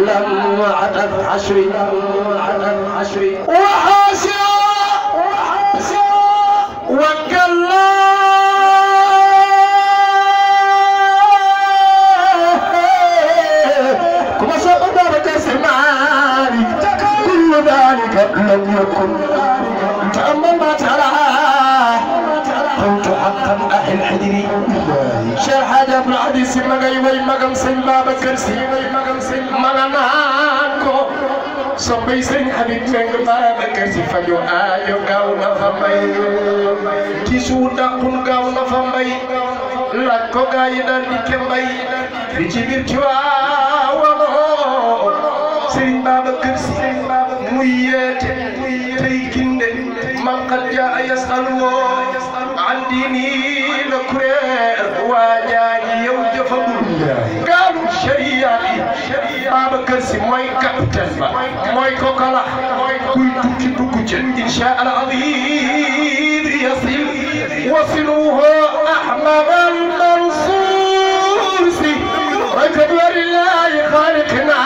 لما عدد عشري لما عدد عشري وحاشا وحاشا وكلا كما سأقدر تسمعني كل ذلك لم يكن تأمل ما ترى waxtaan ak il xijri Cheikh Hadj Abdou Aziz Si ma ngay way magam sëñ Babacar Si way magam sëñ ma nga naan ko soppay sëñ Habib Mbeng Babacar Si faju aajo gaaw na fa mbay ci suuf dàqul gaaw na fa mbay laaj ko gaa yi daal di ke mbay fi ci biir ci waa woo sëñ Babacar Si muy yeete tey ginde man qad jaa yasalu woo diini la kuréel waa jaaji yow jëfam gaalu sariya yi Babacar Sy mooy capitaine ba mooy kokala kuy tukki dugg ci insha Allah azim yasil wasiluhu ahmad al mansour si rakab warillahi xaaliqina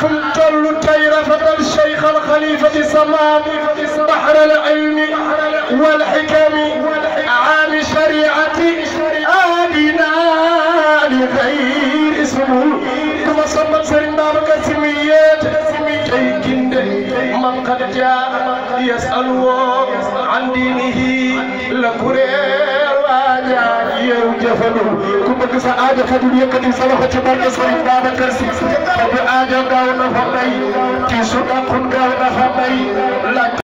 fu mu toll tey rafetal cheikh al xalifati samaam bahra al ilmi wal xikami شريعة آبنا لغير اسمه ثم صلى سيدنا بكسميات كي كند من قد جاء يسأل عن دينه لكريم yow jëfandu ku bëgg sa aajo fajul yëkkati sa loxo ci barke Sëriñ Babacar Si faju aajo gaaw na fa bay ci su dàqun gaaw na fa bay